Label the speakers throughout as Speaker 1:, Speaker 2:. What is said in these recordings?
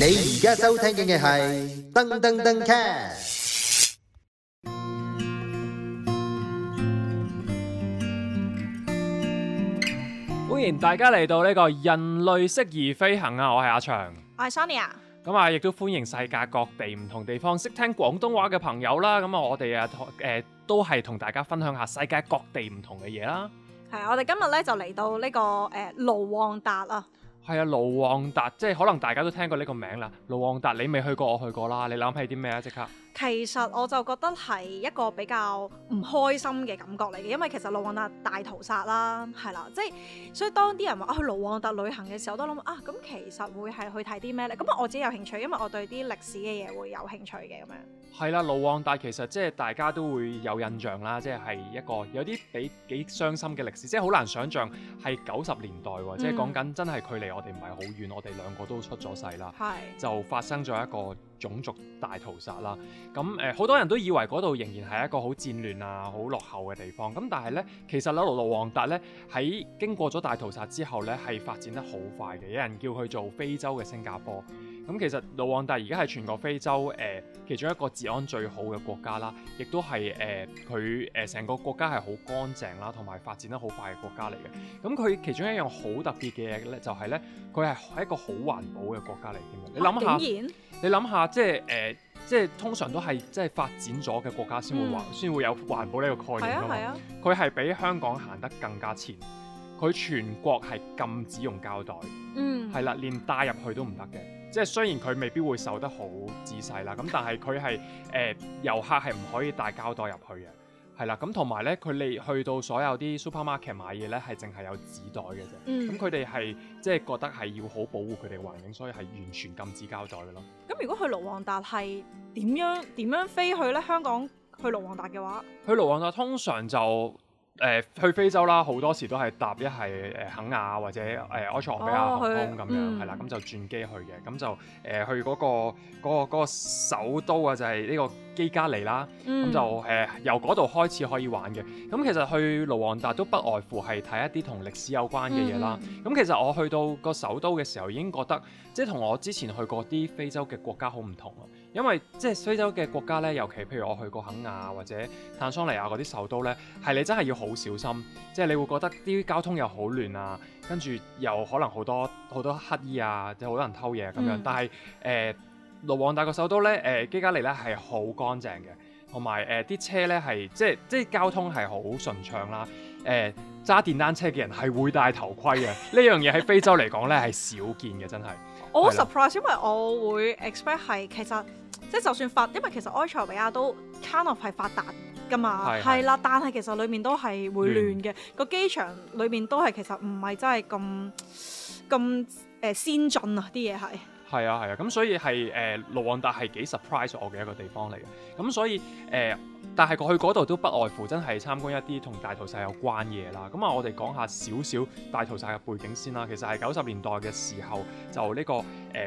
Speaker 1: 你而家收聽嘅係噔噔噔
Speaker 2: cast，
Speaker 1: 歡迎大家嚟到呢個人類適宜飛行啊！我係阿祥，我係 Sonya，咁啊，亦都歡迎世界各地唔同地方識聽廣東話嘅朋友啦！咁啊，我哋啊，誒，都係同大家分享下世界各地唔同嘅嘢啦。
Speaker 2: 係啊，我哋今日咧就嚟到呢個誒盧旺達啦。
Speaker 1: 係啊，盧旺達即係可能大家都聽過呢個名啦。盧旺達，你未去過，我去過啦。你諗起啲咩啊？即刻。
Speaker 2: 其實我就覺得係一個比較唔開心嘅感覺嚟嘅，因為其實盧旺達大，大屠殺啦，係啦，即係所以當啲人話去盧旺達旅行嘅時候，我都諗啊，咁其實會係去睇啲咩咧？咁啊我自己有興趣，因為我對啲歷史嘅嘢會有興趣嘅咁樣。
Speaker 1: 係啦，盧旺達其實即係大家都會有印象啦，即係係一個有啲比幾傷心嘅歷史，即係好難想像係九十年代喎，即係講緊真係距離我哋唔係好遠，我哋兩個都出咗世啦，係，就發生咗一個。種族大屠殺啦，咁誒好多人都以為嗰度仍然係一個好戰亂啊、好落後嘅地方，咁但係呢，其實咧，盧旺達呢，喺經過咗大屠殺之後呢，係發展得好快嘅。有人叫佢做非洲嘅新加坡。咁其實盧旺達而家係全個非洲誒、呃、其中一個治安最好嘅國家啦，亦都係誒佢誒成個國家係好乾淨啦，同埋發展得好快嘅國家嚟嘅。咁佢其中一樣好特別嘅嘢呢，就係、是、呢，佢係一個好環保嘅國家嚟嘅。你諗下，啊、你諗下。即係誒、呃，即係通常都係即係發展咗嘅國家先會環，先、嗯、會有環保呢個概念㗎嘛。佢係、啊啊、比香港行得更加前，佢全國係禁止用膠袋，嗯，係啦，連帶入去都唔得嘅。即係雖然佢未必會守得好仔細啦，咁但係佢係誒遊客係唔可以帶膠袋入去嘅。係啦，咁同埋咧，佢哋去到所有啲 supermarket 買嘢咧，係淨係有紙袋嘅啫。咁佢哋係即係覺得係要好保護佢哋嘅環境，所以係完全禁止膠袋嘅咯。
Speaker 2: 咁、嗯、如果去盧旺達係點樣點樣飛去咧？香港去盧旺達嘅話，
Speaker 1: 去盧旺達通常就。誒、呃、去非洲啦，好多時都係搭一係誒肯亞或者誒埃、呃、塞俄比亞航空咁、哦、樣，係啦、嗯，咁就轉機去嘅，咁就誒、呃、去嗰、那個嗰、那個那個、首都啊，就係呢個基加利啦，咁、嗯、就誒、呃、由嗰度開始可以玩嘅。咁其實去盧旺達都不外乎係睇一啲同歷史有關嘅嘢啦。咁、嗯、其實我去到個首都嘅時候已經覺得，即係同我之前去過啲非洲嘅國家好唔同啊。因為即係非洲嘅國家咧，尤其譬如我去過肯亞或者坦桑尼亞嗰啲首都咧，係你真係要好小心。即、就、係、是、你會覺得啲交通又好亂啊，跟住又可能好多好多乞衣啊，即係好多人偷嘢咁、啊、樣。嗯、但係誒、呃，盧旺達個首都咧，誒、呃、基加利咧係好乾淨嘅，同埋誒啲車咧係即係即係交通係好順暢啦。誒、呃、揸電單車嘅人係會戴頭盔嘅，呢 樣嘢喺非洲嚟講咧係少見嘅，真係。我好 surprise，
Speaker 2: 因為我會 expect 係其實即係、就係、就算發，因為其實埃塞俄比亞都 kind of 係發達噶嘛，係啦，但係其實裏面都係會亂嘅，個亂機場裏面都係其實唔係真係咁咁誒先進啊啲嘢係，
Speaker 1: 係啊係啊，咁所以係誒盧旺達係幾 surprise 我嘅一個地方嚟嘅，咁所以誒。呃但係過去嗰度都不外乎真係參觀一啲同大屠殺有關嘢啦。咁啊，我哋講下少少大屠殺嘅背景先啦。其實係九十年代嘅時候，就呢、這個誒，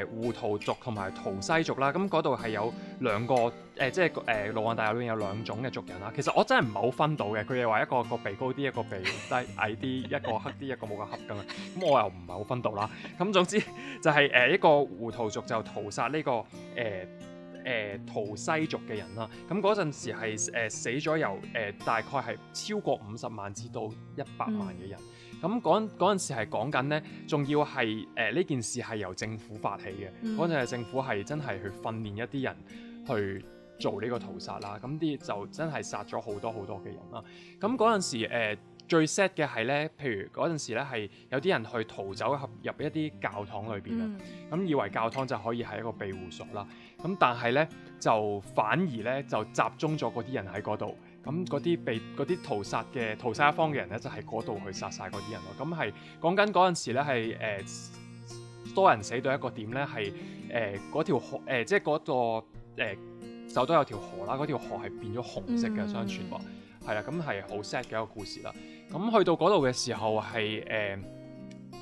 Speaker 1: 胡、呃、圖族同埋圖西族啦。咁嗰度係有兩個誒、呃，即係誒，兩、呃、旺達裏有兩種嘅族人啦。其實我真係唔係好分到嘅。佢哋話一個一個鼻高啲，一個鼻低矮啲，一個黑啲，一個冇咁黑噶。咁我又唔係好分到啦。咁總之就係、是、誒、呃，一個胡圖族就屠殺呢、這個誒。呃圖西族嘅人啦，咁嗰陣時係、呃、死咗由誒、呃、大概係超過五十萬至到一百萬嘅人。咁嗰嗰陣時係講緊咧，仲要係誒呢件事係由政府發起嘅。嗰陣嘅政府係真係去訓練一啲人去做呢個屠殺啦，咁啲就真係殺咗好多好多嘅人啦，咁嗰陣時、呃最 set 嘅係咧，譬如嗰陣時咧，係有啲人去逃走入一啲教堂裏邊啊，咁、嗯、以為教堂就可以係一個庇護所啦。咁但係咧，就反而咧就集中咗嗰啲人喺嗰度。咁嗰啲被嗰啲屠殺嘅屠殺一方嘅人咧，就喺嗰度去殺晒嗰啲人咯。咁係講緊嗰陣時咧，係、呃、誒多人死到一個點咧，係誒嗰條河誒、呃，即係嗰個誒就都有條河啦。嗰條河係變咗紅色嘅，相傳嘅話。嗯。係啦，咁係好 sad 嘅一個故事啦。咁去到嗰度嘅時候係誒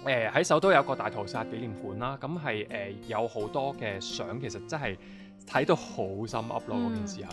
Speaker 1: 誒喺首都有個大屠殺紀念館啦。咁係誒有好多嘅相，其實真係睇到好心噏咯。嗰、嗯、件事係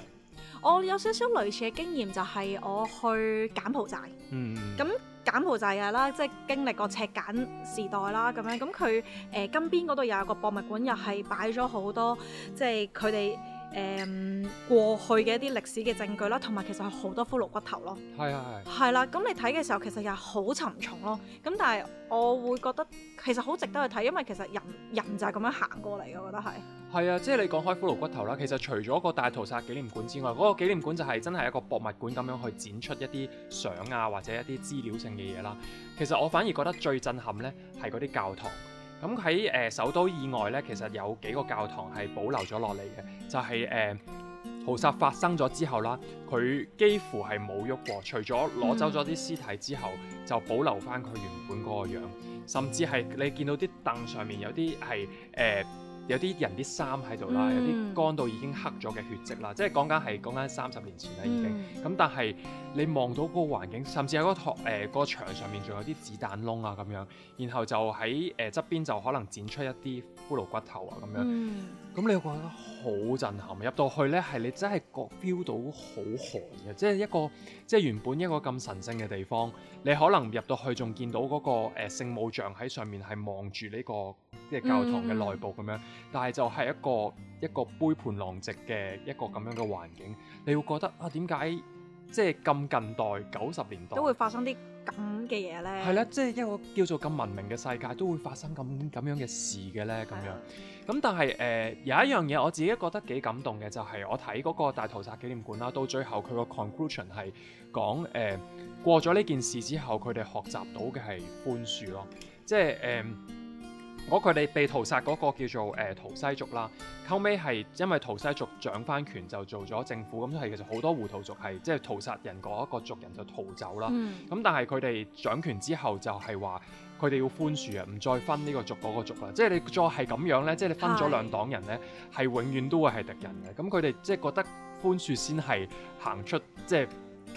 Speaker 2: 我有少少類似嘅經驗，就係我去柬埔寨。嗯。咁、嗯、柬埔寨啊啦，即係經歷過赤柬時代啦咁樣。咁佢誒金邊嗰度又有個博物館，又係擺咗好多即係佢哋。誒、嗯、過去嘅一啲歷史嘅證據啦，同埋其實係好多骷髏骨頭咯。
Speaker 1: 係啊係。係
Speaker 2: 啦，咁你睇嘅時候其實又係好沉重咯。咁但係我會覺得其實好值得去睇，因為其實人人就係咁樣行過嚟嘅，我覺得係。
Speaker 1: 係啊，即係你講開骷髏骨頭啦。其實除咗個大屠殺紀念館之外，嗰個紀念館就係真係一個博物館咁樣去展出一啲相啊，或者一啲資料性嘅嘢啦。其實我反而覺得最震撼咧係嗰啲教堂，咁喺誒首都以外呢，其實有幾個教堂係保留咗落嚟嘅，就係誒屠殺發生咗之後啦，佢幾乎係冇喐過，除咗攞走咗啲屍體之後，就保留翻佢原本嗰個樣，甚至係你見到啲凳上面有啲係誒。呃有啲人啲衫喺度啦，有啲乾到已經黑咗嘅血跡啦，即係講緊係講緊三十年前啦已經。咁、嗯、但係你望到嗰個環境，甚至有嗰、那個誒、呃那個牆上面仲有啲子彈窿啊咁樣，然後就喺誒側邊就可能剪出一啲骷髏骨頭啊咁樣。咁、嗯、你會覺得好震撼，入到去咧係你真係覺 feel 到好寒嘅，即係一個即係原本一個咁神聖嘅地方，你可能入到去仲見到嗰、那個誒、呃、聖母像喺上面係望住呢、這個。即係教堂嘅內部咁樣，但係就係一個一個杯盤狼藉嘅一個咁樣嘅環境，你會覺得啊，點解即係咁近代九十年代都會發
Speaker 2: 生啲咁嘅嘢咧？係咧、
Speaker 1: 啊，即、就、係、是、一個叫做咁文明嘅世界都會發生咁咁樣嘅事嘅咧，咁樣。咁、啊、但係誒、呃、有一樣嘢我自己覺得幾感動嘅就係、是、我睇嗰個大屠殺紀念館啦，到最後佢個 conclusion 係講誒、呃、過咗呢件事之後，佢哋學習到嘅係寬恕咯，即係誒。呃我佢哋被屠殺嗰個叫做誒、呃、圖西族啦，後尾係因為圖西族掌翻權就做咗政府，咁係其實好多胡圖族係即係屠殺人嗰一個族人就逃走啦。咁、嗯、但係佢哋掌權之後就係話佢哋要寬恕啊，唔再分呢個族嗰個族啦。即係你再係咁樣咧，即係你分咗兩黨人咧，係是 永遠都會係敵人嘅。咁佢哋即係覺得寬恕先係行出即係。即係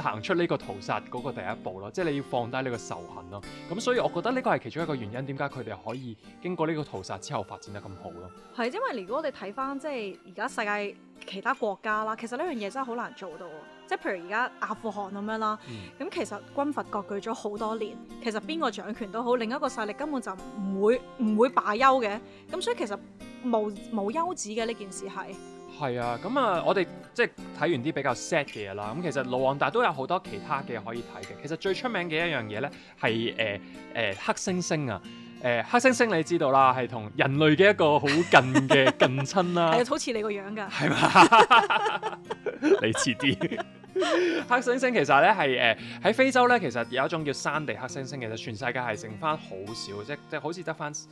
Speaker 1: 行出呢個屠殺嗰個第一步咯，即係你要放低呢個仇恨咯。咁所以我覺得呢個係其中一個原因，點解佢哋可以經過呢個屠殺之後發展得咁好咯。
Speaker 2: 係因為如果我哋睇返即係而家世界其他國家啦，其實呢樣嘢真係好難做到。即係譬如而家阿富汗咁樣啦，咁、嗯、其實軍閥割據咗好多年，其實邊個掌權都好，另一個勢力根本就唔會唔會罷休嘅。咁所以其實冇冇休止嘅呢件事係。
Speaker 1: 係啊，咁啊、嗯嗯，我哋即係睇完啲比較 sad 嘅嘢啦。咁、嗯、其實盧旺達都有好多其他嘅可以睇嘅。其實最出名嘅一樣嘢咧係誒誒黑猩猩啊，誒、呃、黑猩猩你知道啦，係同人類嘅一個好近嘅近親啦。係啊，
Speaker 2: 好似你個樣㗎。係嘛？
Speaker 1: 你似啲。黑猩猩其實咧係誒喺非洲咧，其實有一種叫山地黑猩猩，其實全世界係剩翻好少，即即好似得翻誒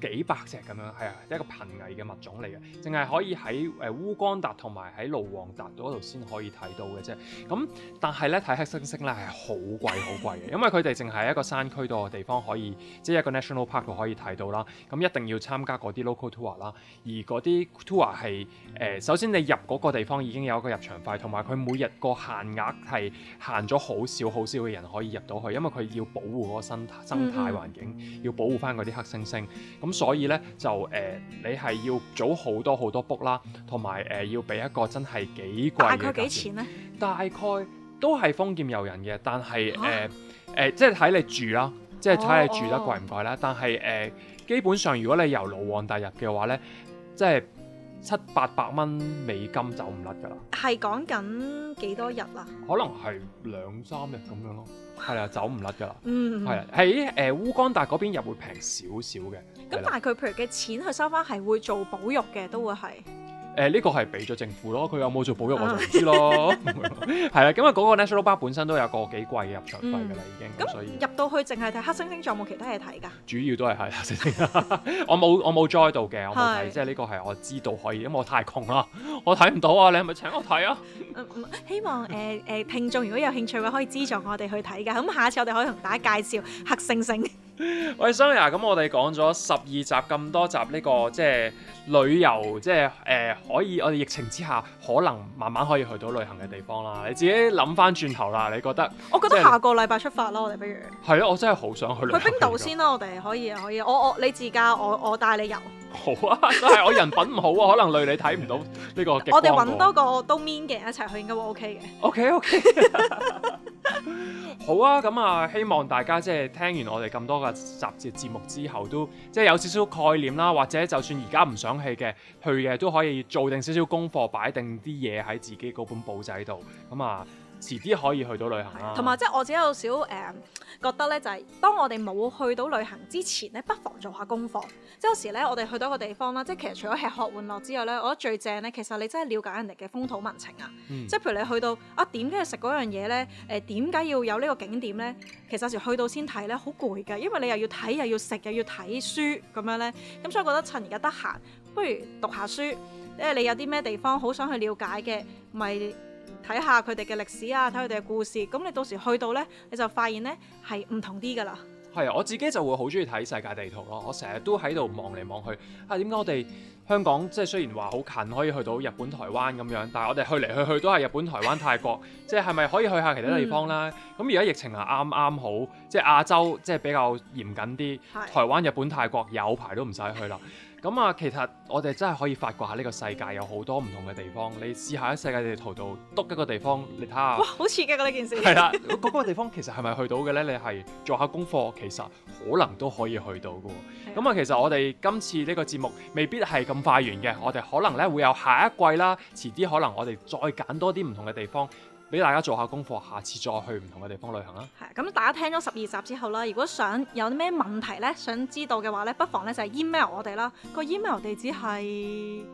Speaker 1: 幾百隻咁樣，係一個瀕危嘅物種嚟嘅，淨係可以喺誒烏干達同埋喺盧旺達度先可以睇到嘅啫。咁但係咧睇黑猩猩咧係好貴好貴嘅，因為佢哋淨係一個山區度嘅地方可以，即一個 national park 可以睇到啦。咁一定要參加嗰啲 local tour 啦，而嗰啲 tour 係誒首先你入嗰個地方已經有一個入場費，同埋佢每日。個限額係限咗好少好少嘅人可以入到去，因為佢要保護嗰個生態生態環境，嗯、哼要保護翻嗰啲黑猩猩。咁所以咧就誒、呃，你係要早好多好多 book 啦，同埋誒要俾一個真係幾貴嘅價錢咧。大概都係封劍游人嘅，但係誒誒，即係睇你住啦，即係睇你住得貴唔貴啦。哦哦但係誒、呃，基本上如果你由盧旺達入嘅話咧，即係。七八百蚊美金走唔甩噶啦，
Speaker 2: 係講緊幾多日啊？
Speaker 1: 可能係兩三日咁樣咯，係啊， 走唔甩噶啦，嗯，係喺誒烏干達嗰邊入會平少少嘅，咁那麼 的但係
Speaker 2: 佢譬如嘅錢去收翻係會做保育嘅，都會係。
Speaker 1: 誒呢、呃這個係俾咗政府咯，佢有冇做保育我就唔知咯。係啊， 因為嗰個 National Park 本身都有個幾貴嘅入場費㗎啦，嗯、已經。咁、嗯、所以入
Speaker 2: 到去淨係睇黑猩猩，仲有冇其他嘢睇㗎？
Speaker 1: 主要都係黑猩猩。我冇我冇 join 到嘅，我冇睇。 即係呢個係我知道可以，因為我太窮啦，我睇唔到啊！你係咪請我睇啊、嗯？
Speaker 2: 希望誒誒、呃呃、聽眾如果有興趣嘅可以資助我哋去睇㗎。咁 下次我哋可以同大家介紹黑猩猩。
Speaker 1: S 喂 Sonya 咁我哋講咗十二集咁多集呢、這個即係、就是、旅遊，即係誒可以，我哋疫情之下可能慢慢可以去到旅行嘅地方啦。你自己諗翻轉頭啦，你覺得？我覺得、就是、下
Speaker 2: 個禮拜出發啦，我哋不如。
Speaker 1: 係咯、啊，我真係好想去去冰
Speaker 2: 島先啦，我哋可，可以，可以，我我你自駕，我我帶你遊。
Speaker 1: 好啊，真係我人品唔好啊， 可能累你睇唔到呢個。我哋搵多
Speaker 2: 個都 mean 嘅人一齊去，應該會 OK 嘅。OK OK。
Speaker 1: 好啊，咁啊，希望大家即係聽完我哋咁多嘅雜誌節目之後，都即係有少少概念啦，或者就算而家唔想去嘅，去嘅都可以做定少少功課，擺定啲嘢喺自己嗰本簿仔度，咁啊。遲啲可以去到旅行，同埋
Speaker 2: 即係我自己有少誒、嗯、覺得咧，就係、是、當我哋冇去到旅行之前咧，不妨做下功課。即係有時咧，我哋去到一個地方啦，即係其實除咗吃喝玩樂之外咧，我覺得最正咧，其實你真係了解人哋嘅風土民情啊。即係、嗯、譬如你去到啊點解要食嗰樣嘢咧，誒點解要有呢個景點咧？其實有時去到先睇咧，好攰㗎，因為你又要睇又要食又要睇書咁樣咧。咁、嗯、所以覺得趁而家得閒，不如讀下書。即係你有啲咩地方好想去了解嘅，咪～睇下佢哋嘅歷史啊，睇佢哋嘅故事，咁你到時去到呢，你就發現呢係唔同啲噶啦。
Speaker 1: 係啊，我自己就會好中意睇世界地圖咯，我成日都喺度望嚟望去啊。點解我哋香港即係雖然話好近可以去到日本、台灣咁樣，但係我哋去嚟去去都係日本、台灣、 泰國，即係係咪可以去下其他地方咧？咁而家疫情啊，啱啱好即係亞洲即係比較嚴謹啲，的台灣、日本、泰國有排都唔使去啦。 咁啊、嗯，其實我哋真係可以發掘下呢個世界有好多唔同嘅地方。你試下喺世界地圖度篤一個地方，你睇下。哇，
Speaker 2: 好刺激嗰呢件事！係啦，
Speaker 1: 嗰、 嗰個地方其實係咪去到嘅呢？你係做下功課，其實可能都可以去到嘅。咁啊的、嗯，其實我哋今次呢個節目未必係咁快完嘅，我哋可能咧會有下一季啦。遲啲可能我哋再揀多啲唔同嘅地方。俾大家做下功課，下次再去唔同嘅地方旅行啦。係
Speaker 2: 咁，大家聽咗十二集之後啦，如果想有啲咩問題咧，想知道嘅話咧，不妨咧就係 email 我哋啦。個 email 地址係。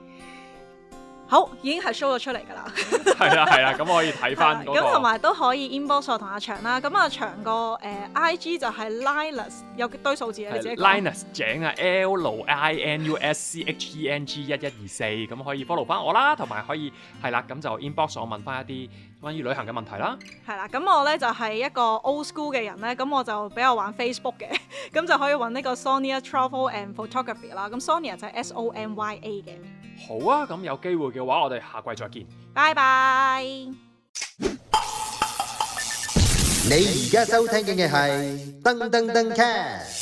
Speaker 2: 好，已經係 show 咗出嚟㗎、 那個、啦。
Speaker 1: 係啦，係、呃、啦，咁可以睇翻嗰咁同埋
Speaker 2: 都可以 inbox 我同阿祥啦。咁阿祥個誒 IG 就係 Linus，有幾堆數字嘅 Linus
Speaker 1: 井啊，L I N U S C H E N G 一一二四，咁可以 follow 翻我啦，同埋可以係啦，咁就 inbox 我問翻一啲關於旅行嘅問題啦。
Speaker 2: 係啦，咁我咧就係、是、一個 old school 嘅人咧，咁我就比較玩 Facebook 嘅，咁 就可以揾呢個 Sonya Travel and Photography 啦。咁 Sonya 就係 S, S O N Y A 嘅。
Speaker 1: 好啊，咁有機會嘅話，我哋下季再見。
Speaker 2: 拜拜 bye。
Speaker 1: 你而家收聽嘅係噔噔噔 c